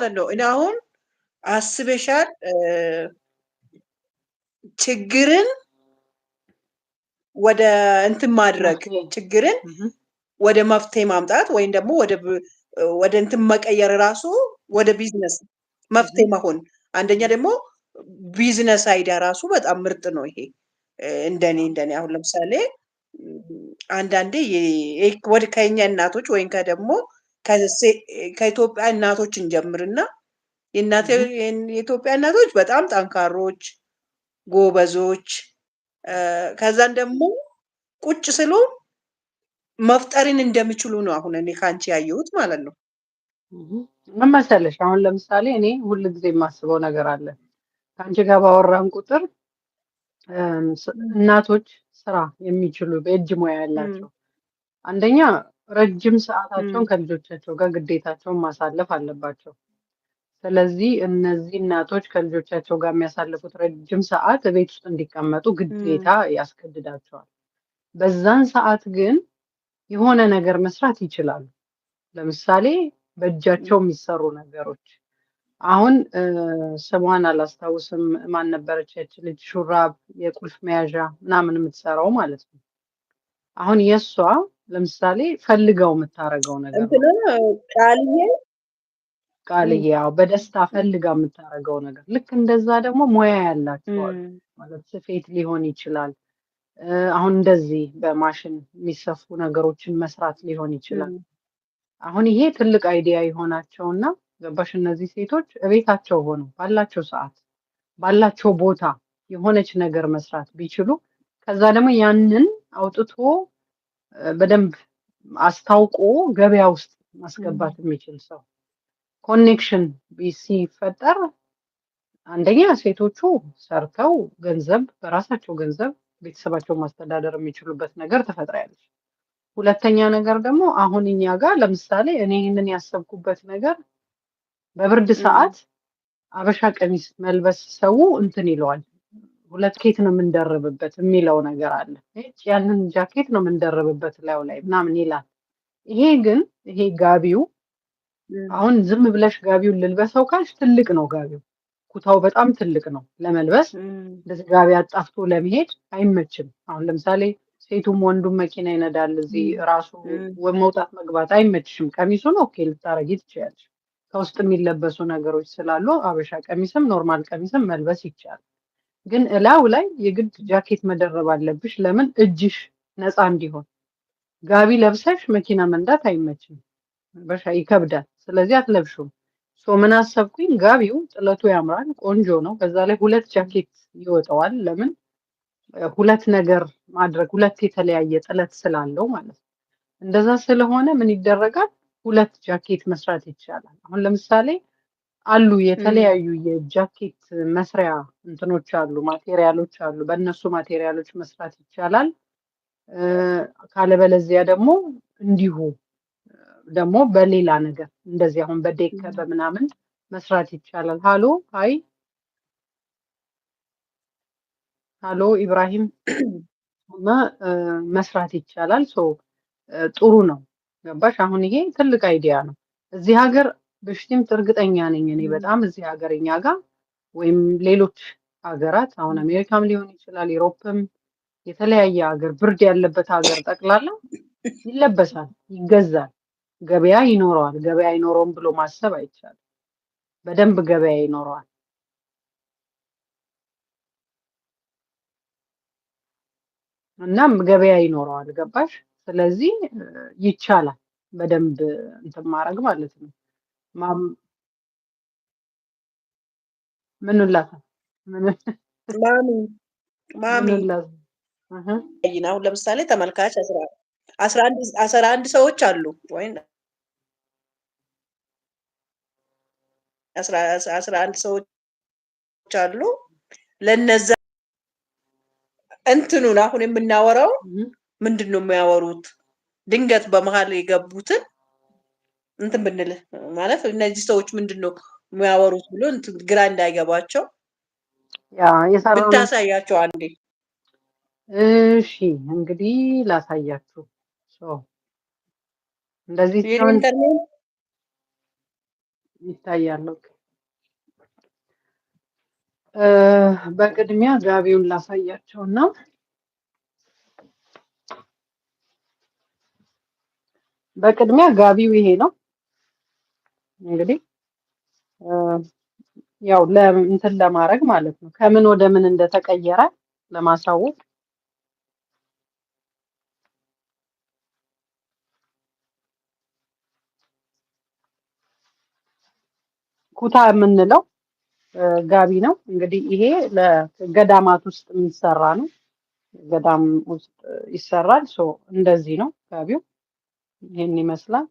ማለት ነው። እኔ አሁን አስበሻል ችግርን ወደ እንትን ማድረግ ችግርን ወደ መፍትሄ ማምጣት ወይም ደግሞ ወደ እንትን መቀየር ራሱ ወደ ቢዝነስ መፍትሄ መሆን አንደኛ ደግሞ ቢዝነስ አይዲያ ራሱ በጣም ምርጥ ነው። ይሄ እንደኔ እንደኔ አሁን ለምሳሌ አንዳንዴ ወደ ከኛ እናቶች ወይም ከደግሞ ከኢትዮጵያ እናቶች እንጀምርና የኢትዮጵያ እናቶች በጣም ጠንካሮች፣ ጎበዞች ከዛን ደግሞ ቁጭ ስሎ መፍጠርን እንደሚችሉ ነው አሁን እኔ ከአንቺ ያየሁት ማለት ነው። ምን መሰለሽ፣ አሁን ለምሳሌ እኔ ሁል ጊዜ የማስበው ነገር አለ። ከአንቺ ጋር ባወራን ቁጥር እናቶች ስራ የሚችሉ በእጅ ሙያ ያላቸው አንደኛ ረጅም ሰዓታቸውን ከልጆቻቸው ጋር ግዴታቸውን ማሳለፍ አለባቸው። ስለዚህ እነዚህ እናቶች ከልጆቻቸው ጋር የሚያሳልፉት ረጅም ሰዓት ቤት ውስጥ እንዲቀመጡ ግዴታ ያስገድዳቸዋል። በዛን ሰዓት ግን የሆነ ነገር መስራት ይችላሉ። ለምሳሌ በእጃቸው የሚሰሩ ነገሮች አሁን ስሟን አላስታውስም፣ ማን ነበረች ያች ልጅ ሹራብ፣ የቁልፍ መያዣ ምናምን የምትሰራው ማለት ነው። አሁን የእሷ ለምሳሌ ፈልገው የምታደርገው ነገር ቃልዬ ቃልዬ ያው በደስታ ፈልጋ የምታደርገው ነገር ልክ እንደዛ ደግሞ ሙያ ያላቸዋል ማለት ስፌት ሊሆን ይችላል። አሁን እንደዚህ በማሽን የሚሰፉ ነገሮችን መስራት ሊሆን ይችላል። አሁን ይሄ ትልቅ አይዲያ እና ገባሽ እነዚህ ሴቶች እቤታቸው ሆኑ ባላቸው ሰዓት ባላቸው ቦታ የሆነች ነገር መስራት ቢችሉ ከዛ ደግሞ ያንን አውጥቶ በደንብ አስታውቆ ገበያ ውስጥ ማስገባት የሚችል ሰው ኮኔክሽን ሲፈጠር አንደኛ ሴቶቹ ሰርተው ገንዘብ በራሳቸው ገንዘብ ቤተሰባቸውን ማስተዳደር የሚችሉበት ነገር ተፈጥራለች። ሁለተኛ ነገር ደግሞ አሁን እኛ ጋር ለምሳሌ እኔ ይህንን ያሰብኩበት ነገር በብርድ ሰዓት አበሻ ቀሚስ መልበስ ሰው እንትን ይለዋል ሁለት ኬት ነው የምንደርብበት የሚለው ነገር አለ። ያንን ጃኬት ነው የምንደርብበት ላዩ ላይ ምናምን ይላል። ይሄ ግን ይሄ ጋቢው አሁን ዝም ብለሽ ጋቢውን ልልበሰው ካልሽ ትልቅ ነው ጋቢው፣ ኩታው በጣም ትልቅ ነው ለመልበስ። እንደዚህ ጋቢ አጣፍቶ ለመሄድ አይመችም። አሁን ለምሳሌ ሴቱም ወንዱም መኪና ይነዳል። እዚህ ራሱ መውጣት መግባት አይመችሽም። ቀሚሱን ኦኬ ልታረጊ ትችያለሽ። ከውስጥ የሚለበሱ ነገሮች ስላሉ አበሻ ቀሚስም ኖርማል ቀሚስም መልበስ ይቻላል። ግን እላው ላይ የግድ ጃኬት መደረብ አለብሽ። ለምን እጅሽ ነፃ እንዲሆን። ጋቢ ለብሰሽ መኪና መንዳት አይመችም፣ በሻ ይከብዳል። ስለዚህ አትለብሹም። ሶ ምን አሰብኩኝ፣ ጋቢው ጥለቱ ያምራል፣ ቆንጆ ነው። በዛ ላይ ሁለት ጃኬት ይወጣዋል። ለምን ሁለት ነገር ማድረግ ሁለት የተለያየ ጥለት ስላለው ማለት ነው። እንደዛ ስለሆነ ምን ይደረጋል፣ ሁለት ጃኬት መስራት ይቻላል። አሁን ለምሳሌ አሉ የተለያዩ የጃኬት መስሪያ እንትኖች አሉ፣ ማቴሪያሎች አሉ። በእነሱ ማቴሪያሎች መስራት ይቻላል። ካለበለዚያ ደግሞ እንዲሁ ደግሞ በሌላ ነገር እንደዚህ አሁን በዴከ በምናምን መስራት ይቻላል። ሀሎ ሀይ ሀሎ ኢብራሂም መስራት ይቻላል። ሶ ጥሩ ነው። ገባሽ? አሁን ይሄ ትልቅ አይዲያ ነው። እዚህ ሀገር በፊትም እርግጠኛ ነኝ እኔ በጣም እዚህ ሀገርኛ ጋር ወይም ሌሎች ሀገራት አሁን አሜሪካም ሊሆን ይችላል፣ ዩሮፕም የተለያየ ሀገር ብርድ ያለበት ሀገር ጠቅላላ ይለበሳል፣ ይገዛል፣ ገበያ ይኖረዋል። ገበያ አይኖረውም ብሎ ማሰብ አይቻልም። በደንብ ገበያ ይኖረዋል። እናም ገበያ ይኖረዋል። ገባሽ? ስለዚህ ይቻላል በደንብ እንትን ማድረግ ማለት ነው። ምኑን ላሳ አሁን ለምሳሌ ተመልካች አስራ አንድ ሰዎች አሉ ወይ አስራ አንድ ሰዎች አሉ። ለነዛ እንትኑን አሁን የምናወራው ምንድን ነው የሚያወሩት? ድንገት በመሀል የገቡትን እንትን ብንል ማለት እነዚህ ሰዎች ምንድን ነው የሚያወሩት ብሎ ግራ እንዳይገባቸው ብታሳያቸው አንዴ። እሺ እንግዲህ ላሳያችሁ። እንደዚህ ይታያል። በቅድሚያ ጋቢውን ላሳያቸው እና በቅድሚያ ጋቢው ይሄ ነው። እንግዲህ ያው እንትን ለማድረግ ማለት ነው ከምን ወደ ምን እንደተቀየረ ለማሳወቅ ኩታ የምንለው ጋቢ ነው። እንግዲህ ይሄ ለገዳማት ውስጥ የሚሰራ ነው። ገዳም ውስጥ ይሰራል። ሶ እንደዚህ ነው ጋቢው። ይህን ይመስላል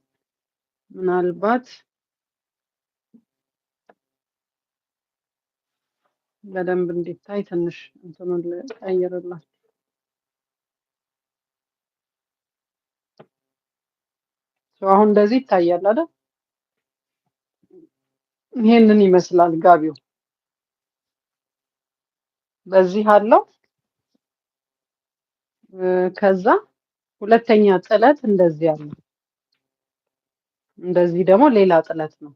ምናልባት በደንብ እንዲታይ ትንሽ እንትኑን ቀይርላት። አሁን እንደዚህ ይታያል አይደል? ይሄንን ይመስላል ጋቢው። በዚህ አለው። ከዛ ሁለተኛ ጥለት እንደዚህ አለ። እንደዚህ ደግሞ ሌላ ጥለት ነው።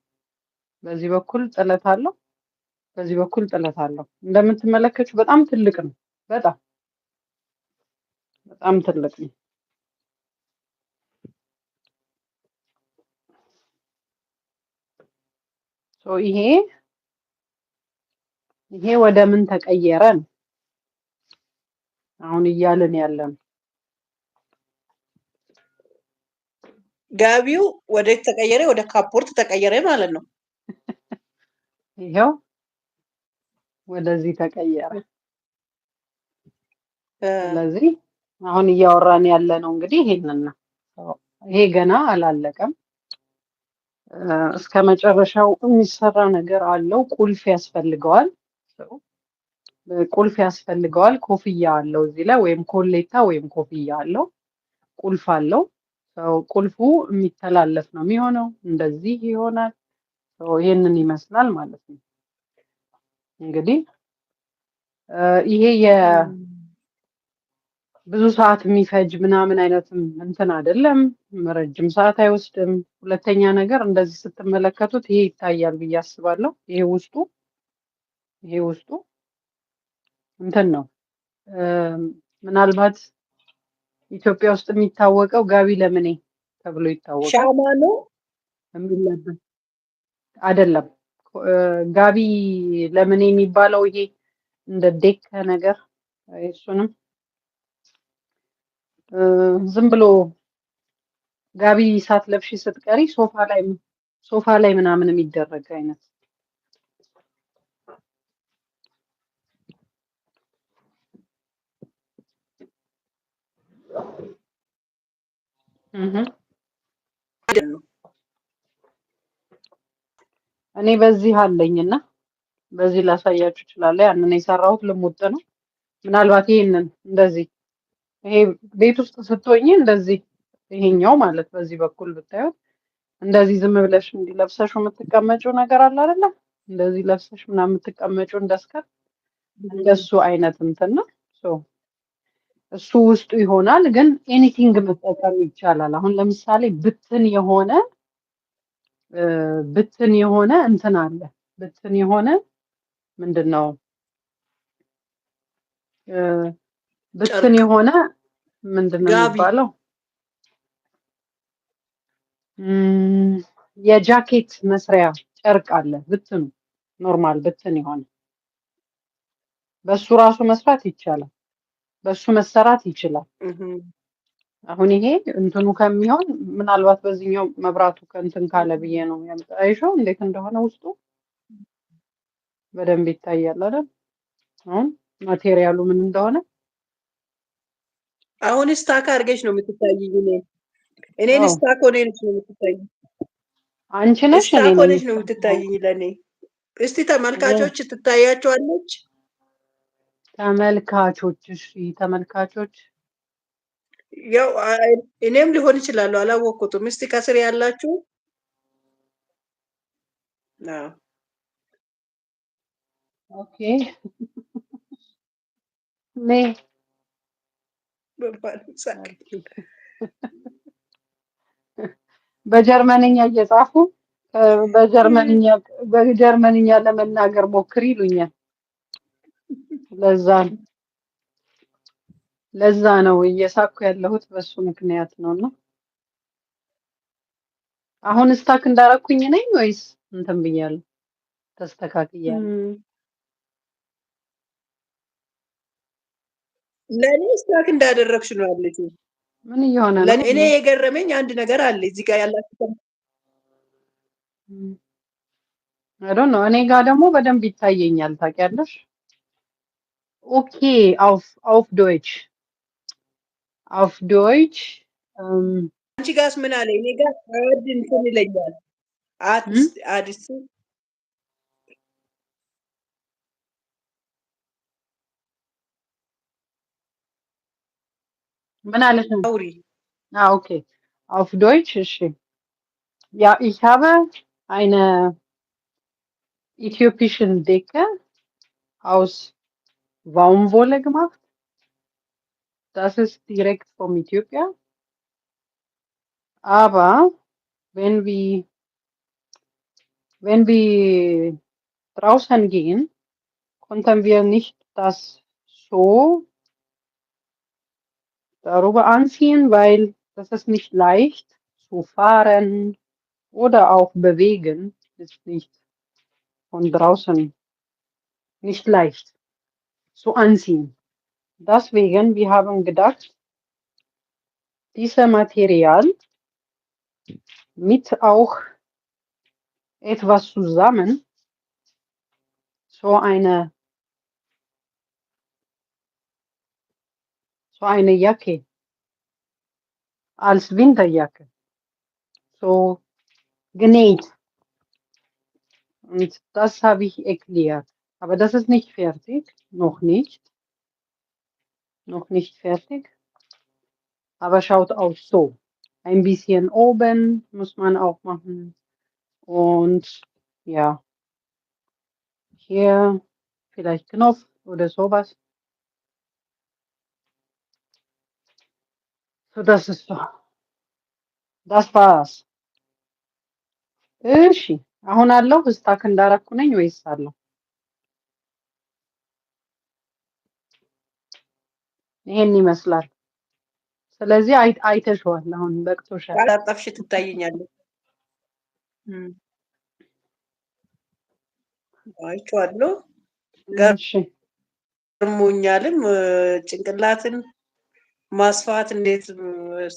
በዚህ በኩል ጥለት አለው። በዚህ በኩል ጥለት አለው እንደምትመለከቱ በጣም ትልቅ ነው። በጣም በጣም ትልቅ ነው። ይሄ ይሄ ወደ ምን ተቀየረ ነው አሁን እያልን ያለ ነው። ጋቢው ወደ ተቀየረ ወደ ካፖርት ተቀየረ ማለት ነው። ይሄው ወደዚህ ተቀየረ። ስለዚህ አሁን እያወራን ያለ ነው እንግዲህ ይሄንን ነው። ይሄ ገና አላለቀም። እስከ መጨረሻው የሚሰራ ነገር አለው። ቁልፍ ያስፈልገዋል፣ ቁልፍ ያስፈልገዋል። ኮፍያ አለው እዚህ ላይ ወይም ኮሌታ ወይም ኮፍያ አለው፣ ቁልፍ አለው። ቁልፉ የሚተላለፍ ነው የሚሆነው። እንደዚህ ይሆናል። ይህንን ይመስላል ማለት ነው። እንግዲህ ይሄ የብዙ ሰዓት የሚፈጅ ምናምን አይነትም እንትን አይደለም፣ ረጅም ሰዓት አይወስድም። ሁለተኛ ነገር እንደዚህ ስትመለከቱት ይሄ ይታያል ብዬ አስባለሁ። ይሄ ውስጡ ይሄ ውስጡ እንትን ነው። ምናልባት ኢትዮጵያ ውስጥ የሚታወቀው ጋቢ ለምኔ ተብሎ ይታወቃል። ሻማ ነው የሚለበስ አይደለም። ጋቢ ለምን የሚባለው ይሄ እንደ ዴክ ነገር እሱንም ዝም ብሎ ጋቢ ለብሽ ስትቀሪ ሶፋ ላይ ሶፋ ላይ ምናምን የሚደረግ አይነት ነው። እኔ በዚህ አለኝና በዚህ ላሳያችሁ እችላለሁ። ያንን የሰራሁት ልሙጥ ነው። ምናልባት ይሄንን እንደዚህ ይሄ ቤት ውስጥ ስትሆኝ እንደዚህ ይሄኛው ማለት በዚህ በኩል ብታዩት እንደዚህ ዝም ብለሽ እንዲለብሰሽ የምትቀመጪው ነገር አለ አይደለ? እንደዚህ ለብሰሽ ምናምን የምትቀመጪው እንደስከር እንደሱ አይነት እንትን ነው። ሶ እሱ ውስጡ ይሆናል፣ ግን ኤኒቲንግ መጠቀም ይቻላል። አሁን ለምሳሌ ብትን የሆነ ብትን የሆነ እንትን አለ። ብትን የሆነ ምንድን ነው? ብትን የሆነ ምንድን ነው የሚባለው? የጃኬት መስሪያ ጨርቅ አለ። ብትኑ ኖርማል ብትን የሆነ በሱ ራሱ መስራት ይቻላል። በሱ መሰራት ይችላል። አሁን ይሄ እንትኑ ከሚሆን ምናልባት በዚህኛው መብራቱ ከእንትን ካለ ብዬ ነው ያምጣይሸው። እንዴት እንደሆነ ውስጡ በደንብ ይታያል አይደል? አሁን ማቴሪያሉ ምን እንደሆነ አሁን ስታክ አድርገሽ ነው የምትታይ። እኔ እኔን ስታክ ሆነሽ ነው የምትታይ። አንቺ ነሽ ስታክ ሆነሽ ነው የምትታይ ለእኔ። እስቲ ተመልካቾች ትታያቸዋለች። ተመልካቾች እሺ፣ ተመልካቾች ያው እኔም ሊሆን ይችላሉ አላወቅኩትም። እስቲ ከስር ያላችሁ በጀርመንኛ እየጻፉ በጀርመንኛ ለመናገር ሞክር ይሉኛል። ለዛ ነው ለዛ ነው እየሳኩ ያለሁት በሱ ምክንያት ነውና፣ አሁን ስታክ እንዳረኩኝ ነኝ ወይስ እንትን ብያለሁ? ተስተካክያለሁ። ለእኔ ስታክ እንዳደረግሽ ነው ያለችው። ምን እየሆነ ነው? እኔ የገረመኝ አንድ ነገር አለ እዚህ ጋር ያላችሁ አይ ዶንት ኖ። እኔ ጋር ደግሞ በደንብ ይታየኛል። ታውቂያለሽ ኦኬ አውፍ አውፍ ዶይች auf Deutsch. Ähm, አንቺ ጋስ ምን አለ? እኔ ጋር እርድ እንትን ይለኛል። hm? አዲስ ምን auf Deutsch. እሺ Ja, ich habe eine äthiopische Decke aus Baumwolle gemacht das ist direkt vom Äthiopien. Aber wenn wir, wenn wir draußen gehen, konnten wir nicht das so darüber anziehen, weil das ist nicht leicht zu fahren oder auch bewegen ist nicht von draußen nicht leicht zu anziehen. Deswegen, wir haben gedacht, dieses Material mit auch etwas zusammen, so eine, so eine Jacke, als Winterjacke, so genäht. Und das habe ich erklärt. Aber das ist nicht fertig, noch nicht noch nicht fertig, aber schaut auch so. Ein bisschen oben muss man auch machen und ja, hier vielleicht Knopf oder sowas. So, das ist so. Das war's. Öschi. አሁን አለሁ ስታክ እንዳረኩ ነኝ ወይስ አለሁ? ይሄን ይመስላል። ስለዚህ አይተሽዋል። አሁን በቅቶሻል። ያላጠፍሽ ትታየኛለሽ። አይቼዋለሁ። ገርሞኛልም። ጭንቅላትን ማስፋት እንዴት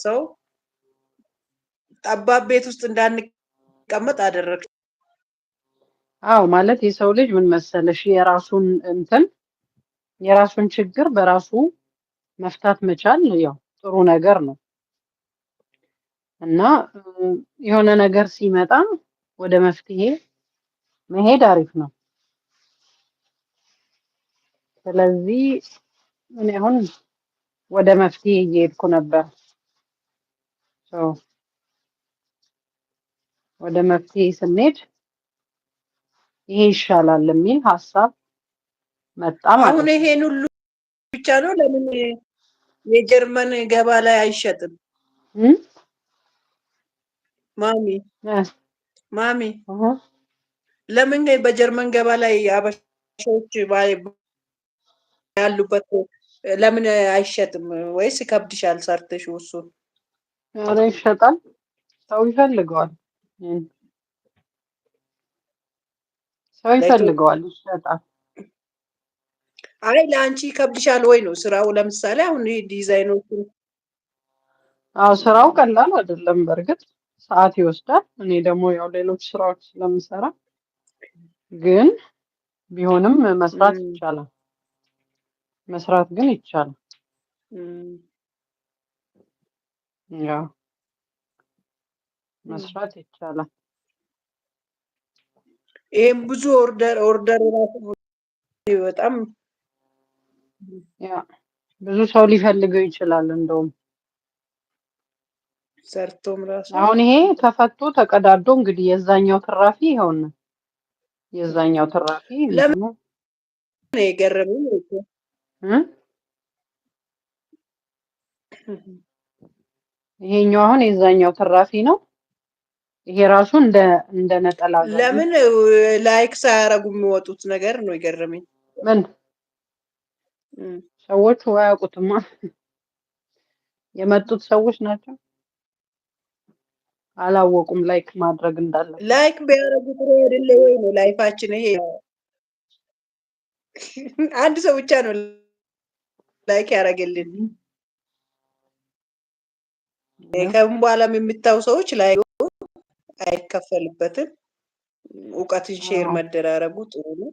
ሰው ጠባብ ቤት ውስጥ እንዳንቀመጥ አደረግ። አዎ ማለት የሰው ልጅ ምን መሰለሽ የራሱን እንትን የራሱን ችግር በራሱ መፍታት መቻል ያው ጥሩ ነገር ነው እና የሆነ ነገር ሲመጣ ወደ መፍትሄ መሄድ አሪፍ ነው። ስለዚህ እኔ አሁን ወደ መፍትሄ እየሄድኩ ነበር። ወደ መፍትሄ ስንሄድ ይሄ ይሻላል የሚል ሀሳብ መጣ ማለት ነው። ብቻ ነው? ለምን የጀርመን ገባ ላይ አይሸጥም? ማሚ ማሚ ለምን በጀርመን ገባ ላይ አበሾች ያሉበት ለምን አይሸጥም? ወይስ ከብድሻል ሰርተሽ? ውሱ ኧረ ይሸጣል። ሰው ይፈልገዋል። ሰው ይፈልገዋል። ይሸጣል። አይ ለአንቺ ይከብድሻል ወይ ነው ስራው። ለምሳሌ አሁን ዲዛይኖቹ አው ስራው ቀላል አይደለም። በእርግጥ ሰዓት ይወስዳል። እኔ ደግሞ ያው ሌሎች ስራዎች ስለምሰራ ግን ቢሆንም መስራት ይቻላል። መስራት ግን ይቻላል። ያው መስራት ይቻላል። ይሄም ብዙ ኦርደር ኦርደር ራሱ በጣም ያ ብዙ ሰው ሊፈልገው ይችላል። እንደውም ሰርቶም ራሱ አሁን ይሄ ተፈቶ ተቀዳዶ እንግዲህ የዛኛው ትራፊ ይኸውን የዛኛው ትራፊ ለምን የገረመኝ እኮ እ ይሄኛው አሁን የዛኛው ትራፊ ነው። ይሄ ራሱ እንደ እንደ ነጠላ ለምን ላይክ ሳያረጉ የሚወጡት ነገር ነው የገረመኝ ምን ሰዎቹ አያውቁትማ። የመጡት ሰዎች ናቸው አላወቁም። ላይክ ማድረግ እንዳለ ላይክ ቢያደርጉ ጥሩ አይደለ ወይ? ነው ላይፋችን ይሄ አንድ ሰው ብቻ ነው ላይክ ያደረገልን። ከምን በኋላም የምታው ሰዎች ላይ አይከፈልበትም። እውቀትን ሼር መደራረጉ ጥሩ ነው።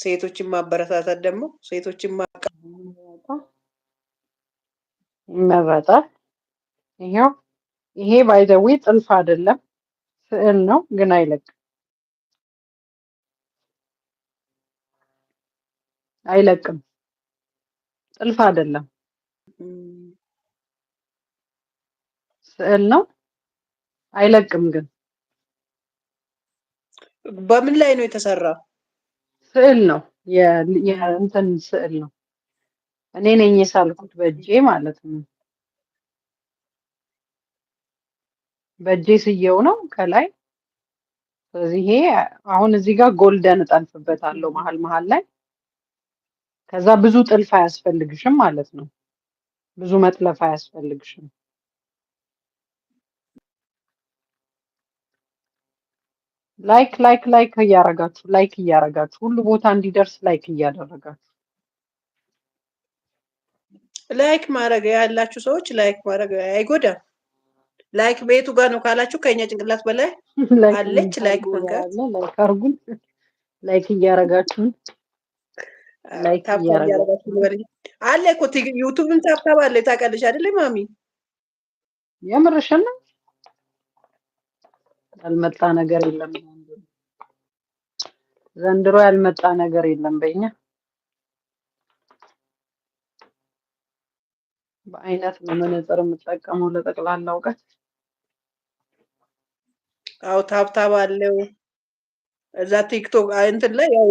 ሴቶችን ማበረታታት ደግሞ ሴቶችን ማቃ ይመረጣል። ይሄው ይሄ ባይዘዌ ጥልፍ አይደለም ስዕል ነው፣ ግን አይለቅም አይለቅም። ጥልፍ አይደለም ስዕል ነው፣ አይለቅም ግን በምን ላይ ነው የተሰራው? ስዕል ነው የእንትን ስዕል ነው። እኔ ነኝ የሳልኩት በእጄ ማለት ነው። በእጄ ስየው ነው ከላይ። ስለዚህ ይሄ አሁን እዚህ ጋር ጎልደን እጠልፍበታለሁ መሀል መሀል ላይ። ከዛ ብዙ ጥልፍ አያስፈልግሽም ማለት ነው። ብዙ መጥለፍ አያስፈልግሽም። ላይክ ላይክ ላይክ እያረጋችሁ ላይክ እያረጋችሁ ሁሉ ቦታ እንዲደርስ ላይክ እያደረጋችሁ ላይክ ማድረግ ያላችሁ ሰዎች ላይክ ማድረግ አይጎዳም። ላይክ ቤቱ ጋር ነው ካላችሁ ከኛ ጭንቅላት በላይ አለች። ላይክ ላይክ አርጉን። ላይክ እያረጋችሁን ላይክ እያረጋችሁ አለ እኮ ዩቱብን ታብታብ አለ ታውቃለች አይደለ ማሚ? የምርሽን ያልመጣ ነገር የለም። ዘንድሮ ያልመጣ ነገር የለም በእኛ በአይነት መነጽር የምጠቀመው ለጠቅላላ እውቀት። አዎ ታብታብ አለው እዛ ቲክቶክ እንትን ላይ ያው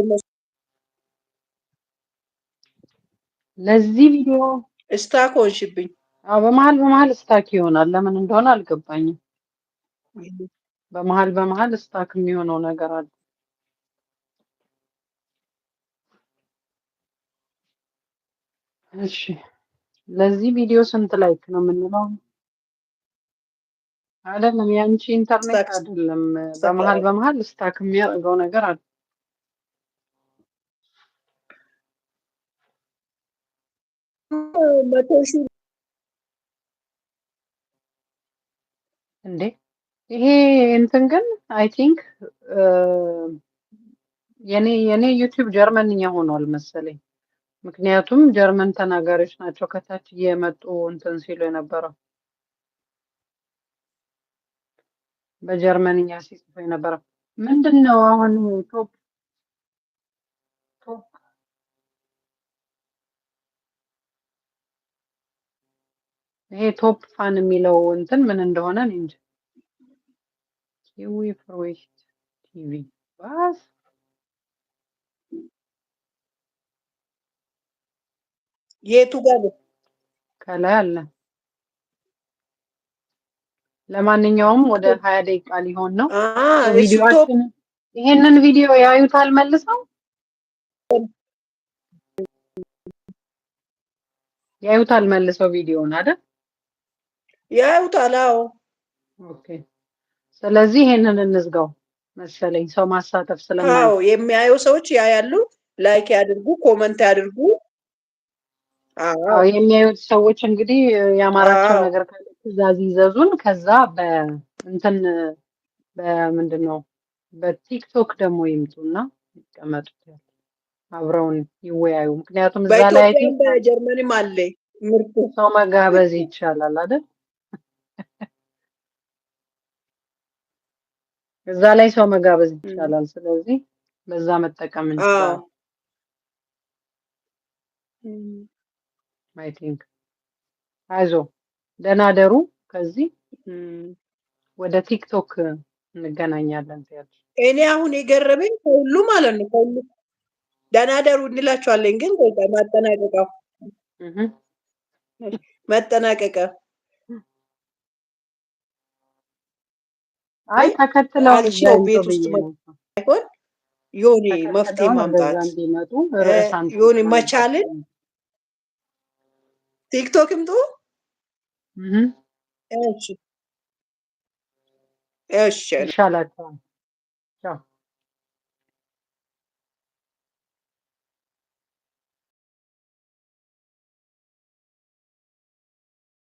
ለዚህ ቪዲዮ ስታክ ሆንሽብኝ። አዎ በመሀል በመሀል ስታክ ይሆናል። ለምን እንደሆነ አልገባኝም። በመሀል በመሀል ስታክ የሚሆነው ነገር አለ። እሺ ለዚህ ቪዲዮ ስንት ላይክ ነው የምንለው? አይደለም ያንቺ ኢንተርኔት አይደለም። በመሀል በመሀል ስታክ የሚያደርገው ነገር አለ። እንዴ ይሄ እንትን ግን አይ ቲንክ የኔ የኔ ዩቲዩብ ጀርመንኛ ሆኗል መሰለኝ። ምክንያቱም ጀርመን ተናጋሪዎች ናቸው ከታች እየመጡ እንትን ሲሉ የነበረው በጀርመንኛ ሲጽፉ የነበረው ምንድን ነው? አሁን ቶፕ ይሄ ቶፕ ፋን የሚለው እንትን ምን እንደሆነ እንጂ ቲቪ ቲቪ ባስ የቱ ጋር ከላይ አለ። ለማንኛውም ወደ ሀያ ደቂቃ ሊሆን ነው። ይሄንን ቪዲዮ ያዩታል መልሰው ያዩታል መልሰው ቪዲዮውን አይደል? ያዩታል። አዎ። ኦኬ። ስለዚህ ይሄንን እንዝጋው መሰለኝ ሰው ማሳተፍ ስለማለት። አዎ፣ የሚያዩ ሰዎች ያያሉ። ላይክ ያድርጉ፣ ኮመንት ያድርጉ። የሚያዩት ሰዎች እንግዲህ የአማራቸው ነገር ካለ ትእዛዝ ይዘዙን። ከዛ በእንትን በምንድን ነው በቲክቶክ ደግሞ ይምጡና ይቀመጡ አብረውን ይወያዩ። ምክንያቱም እዛ ላይ ጀርመንም አለ ምርጥ ሰው መጋበዝ ይቻላል አይደል? እዛ ላይ ሰው መጋበዝ ይቻላል። ስለዚህ በዛ መጠቀም እንችላለን። አይ ቲንክ አይዞ ደህና ደሩ። ከዚህ ወደ ቲክቶክ እንገናኛለን እኔ አሁን የገረመኝ ከሁሉ ማለት ነው ከሁሉ ደህና ደሩ እንላቸዋለን። ግን ማጠናቀቂያው ማጠናቀቂያ አይ ተከትለው ቤት ውስጥ ሳይሆን የሆነ መፍትሄ ማምጣት የሆነ መቻልን TikTok'im du? Mhm. Sehr schön. Sehr İnşallah.